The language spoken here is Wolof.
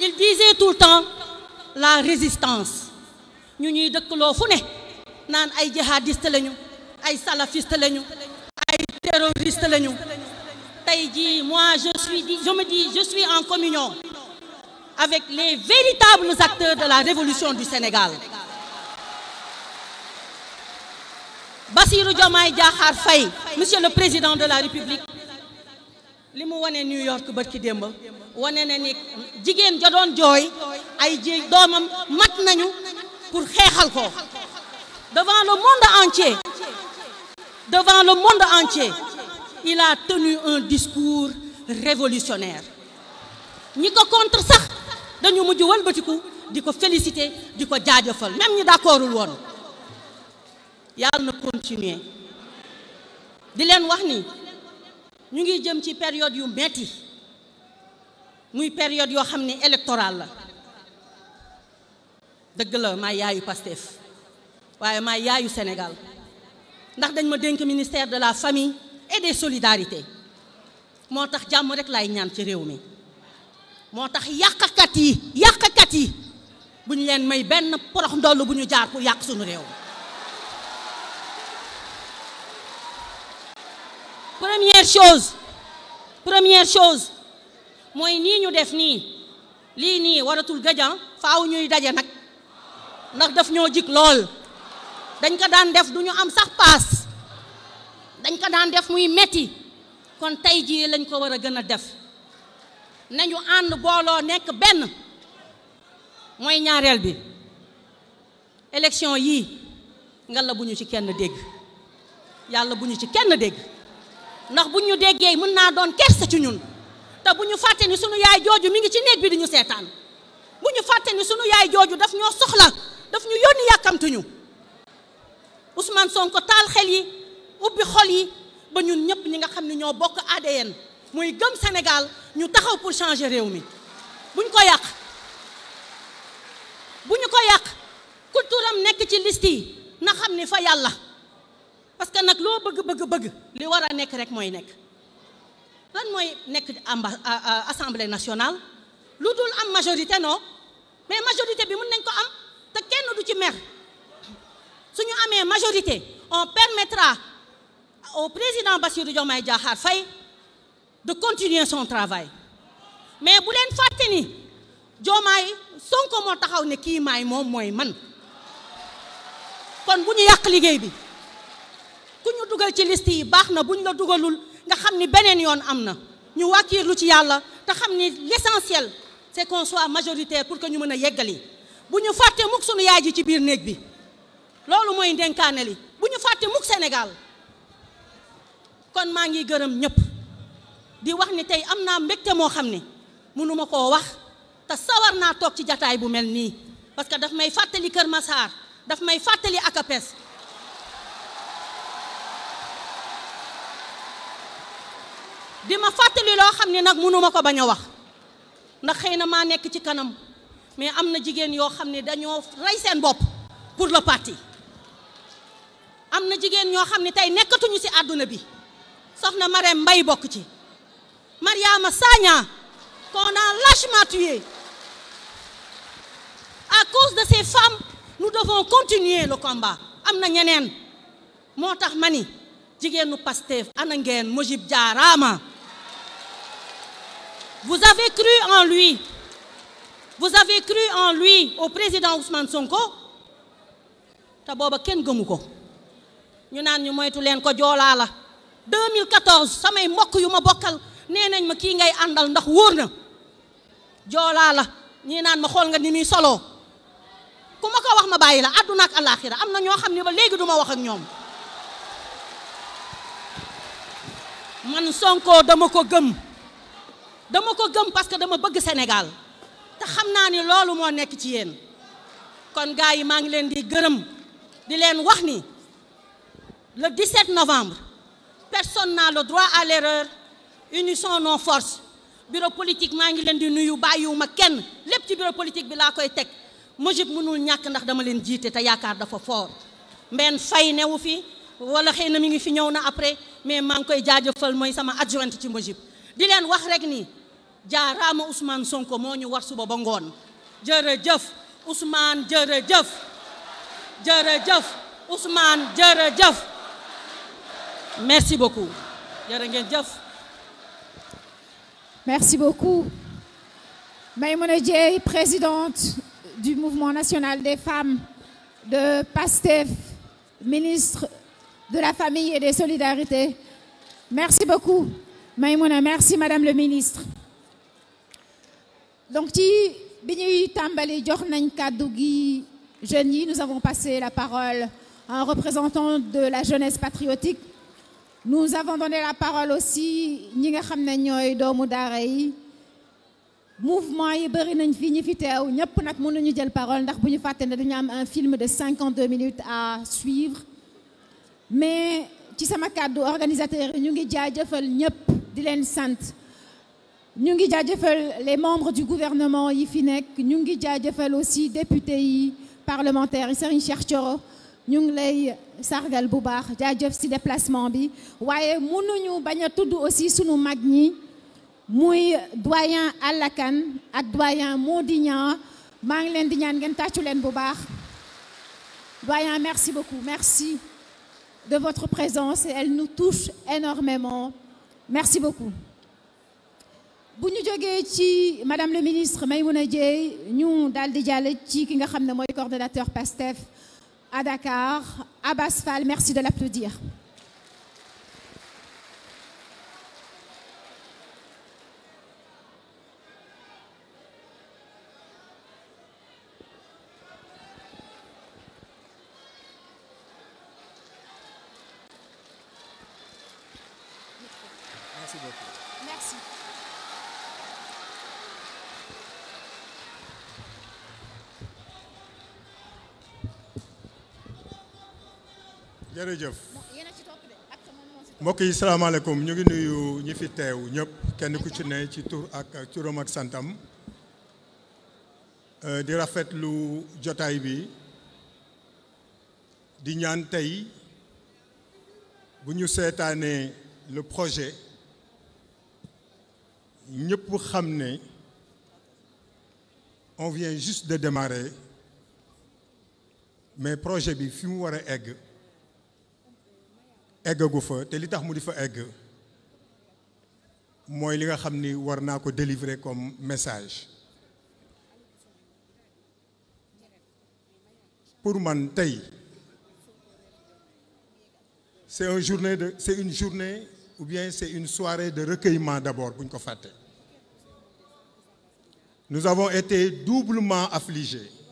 il disait tout le temps la résistance ñu ñuy dëkkaloo fu ne naan ay jihadiste lañu ay salafiste lañu ay terroriste lañu tey jii moi je suis dit je me dis je suis en communion avec les véritables acteurs de la révolution du Sénégal Bassirou Diomaye Diakhar fay monsieur le président de la République li mu wane New York ba ci démb wane na ni jigéen ja doon jooy ay jéeg doomam mat nañu pour xeexal ko devant le monde entier devant le monde entier il a tenu un discours révolutionnaire ñi ko contre sax dañu mujj wëlbatiku di ko féliciter di ko jaajëfal même ñi d'accordul woon yàlla na continuer di leen wax ni ñu ngi jëm ci période yu metti muy période yoo xam ne électorale la dëgg la maa yaayu Pastef waaye maa yaayu Sénégal ndax dañ ma dénk ministère de la famille et des solidarités moo tax jàmm rek lay ñaan ci réew mi moo tax yàqkat yi yàqkat yi bu ñu leen may benn porox ndoll bu ñu jaar pour yàq sunu réew première chose première chose mooy nii ñu def nii lii nii waratul gajan faaw ñuy daje nag ndax daf ñoo jig lool dañ ko daan def du ñu am sax paas dañ ko daan def muy metti kon tey jii lañ ko war a gën a def nañu ànd booloo nekk benn mooy ñaareel bi élection yii nga la bu ñu ci kenn dégg yàlla bu ñu ci kenn dégg ndax bu ñu déggee mën naa doon kersa ci ñun te bu ñu fàtte ni sunu yaay jooju mi ngi ci néeg bi di seetaan bu ñu fàtte ni sunu yaay jooju daf ñoo soxla daf ñu yónni yàkkamtuñu Ousmane Sonko taal xel yi ubbi xol yi ba ñun ñëpp ñi nga xam ni ñoo bokk ADN muy gëm senegal ñu taxaw pour changer réew mi buñ ko yàq bu ñu ko yàq culture nekk ci liste yi na xam ni fa yàlla. parce que nag loo bëgg bëgg bëgg li war a nekk rek mooy nekk lan mooy nekk amba assemblée nationale lu dul am majorité non mais majorité bi mën nañ ko am te kenn du ci mer suñu amee majorité on permettra au président Bassirou Diomaye Diakhar Faye de continuer son travail mais bu leen fàtte ni Diomaye Sonko moo taxaw ne kii maay moom mooy man kon bu ñu yàq liggéey bi ku ñu dugal ci liste yi baax na bu ñu la dugalul nga xam ni beneen yoon am na ñu wàkkiirlu ci yàlla te xam ni l'essentiel c'est qu'on soit majoritaire pour que ñu mën a yeggali bu ñu fàttee mukk sunu yaay ji ci biir néeg bi loolu mooy ndenkaane li bu ñu fàtte mukk Sénégal kon maa ngi gërëm ñëpp di wax ni tey am naa mbégte moo xam ne mënuma koo wax te sawar naa toog ci jataay bu mel nii parce que daf may fàttali Kër Massar dafa may fàttali Akapes di ma fàttali loo xam ne nag mënuma ko bañ a wax ndax xëy na maa nekk ci kanam mais am na jigéen yoo xam ne dañoo rey seen bopp pour le parti am na jigéen ñoo xam ni tey nekkatuñu ci àdduna bi soxna Marème mbay bokk ci Mariama Sagna qu'on a lâchement tuée à cause de ces femmes nous devons continuer le combat am na ñeneen moo tax ma ni jigéenu Pastef ana ngeen Mujib jaaraama Vous avez cru en lui. Vous avez cru en lui au président Ousmane Sonko te booba kenn gëmu ko ñu naan ñu moytu leen ko joolaa la 2014 samay mbokk yu ma bokkal nee nañ ma kii ngay àndal ndax wóor na joolaa la ñii naan ma xool nga ni muy solo ku ma ko wax ma bàyyi la àdduna ak alaaxira am na ñoo xam ne ba léegi duma wax ak ñoom man Sonko dama ko gëm dama ko gëm parce que dama bëgg Sénégal te xam naa ni loolu moo nekk ci yeen kon gars yi maa ngi leen di gërëm di leen wax ni le 17 novembre personne naa la droit à l'erreur unissons nos forces bureau politique maa ngi leen di nuyu bàyyiwuma kenn lép ci bureau politique bi laa koy teg Mujib mënul ñàkk ndax dama leen jiite te yaakaar dafa fort mbenn fay newu fi wala xëy na mi ngi fi ñëw na après mais maa ngi koy jaajëfal mooy sama adjointe ci Mujib di wax rek ni jaaraama Ousmane Sonko moo ñu war suba ba ngoon jërëjëf Ousmane jërëjëf jërëjëf Ousmane jërëjëf merci beaucoup jërë ngeen jëf. merci beaucoup Maïmouna Dièye présidente du mouvement national des femmes de PASTEF ministre de la famille et des solidarités merci beaucoup. Maïmouna merci madame le ministre donc ci bi ñuy tàmbali jox nañ kàddu gi jeunes yi nu avons passé la parole à un représentant de la jeunesse patriotique nous avons donné la parole aussi ñi nga xam ne ñooy doomu daara yi mouvement yi bëri nañ fi ñi fi teew ñëpp nag nañu jël parole ndax bu ñu fàtte ne dañu am un film de cinquante-deux minutes à suivre mais ci sama kàddu organisateur yi ñu ngi jaajëfal ñëpp di leen sant ñu ngi jaajëfal les membres du gouvernement yi fi nekk ñu ngi jaajëfal aussi député yi parlementaires yi Serigne Cheikh ñu ngi lay sargal bu baax jaajëf si déplacement bi waaye mënuñu bañ a tudd aussi suñu mag ñi muy doyen Alla Kane ak doyen Mody Niang maa ngi leen di ñaan ngeen tàccu leen bu baax doyen merci beaucoup merci de votre présence elle nous touche énormément merci beaucoup bu ñu jógee ci madame le ministre Maïmouna Dièye ñu daal di jàll ci ki nga xam ne mooy coordonnateur PASTEF à Dakar Abbas Fall merci de l'applaudir jërëjëf mbokk yi salaamaaleykum ñu ngi nuyu ñi fi teew ñépp kenn ku ci ne ci tur ak turam ak santam euh, di rafetlu jotaay bi di ñaan tey bu ñu seetaanee le projet ñëpp xam ne on vient juste de démarrer mais projet bi fi mu war a egg eggagu fa te li tax mu di fa egg mooy li nga xam ni war naa ko délivrer comme message pour man tey c'est un journée de c'est une journée ou bien c'est une soirée de recueillement d'abord bu ñu ko fàtte nous avons été doublement affligés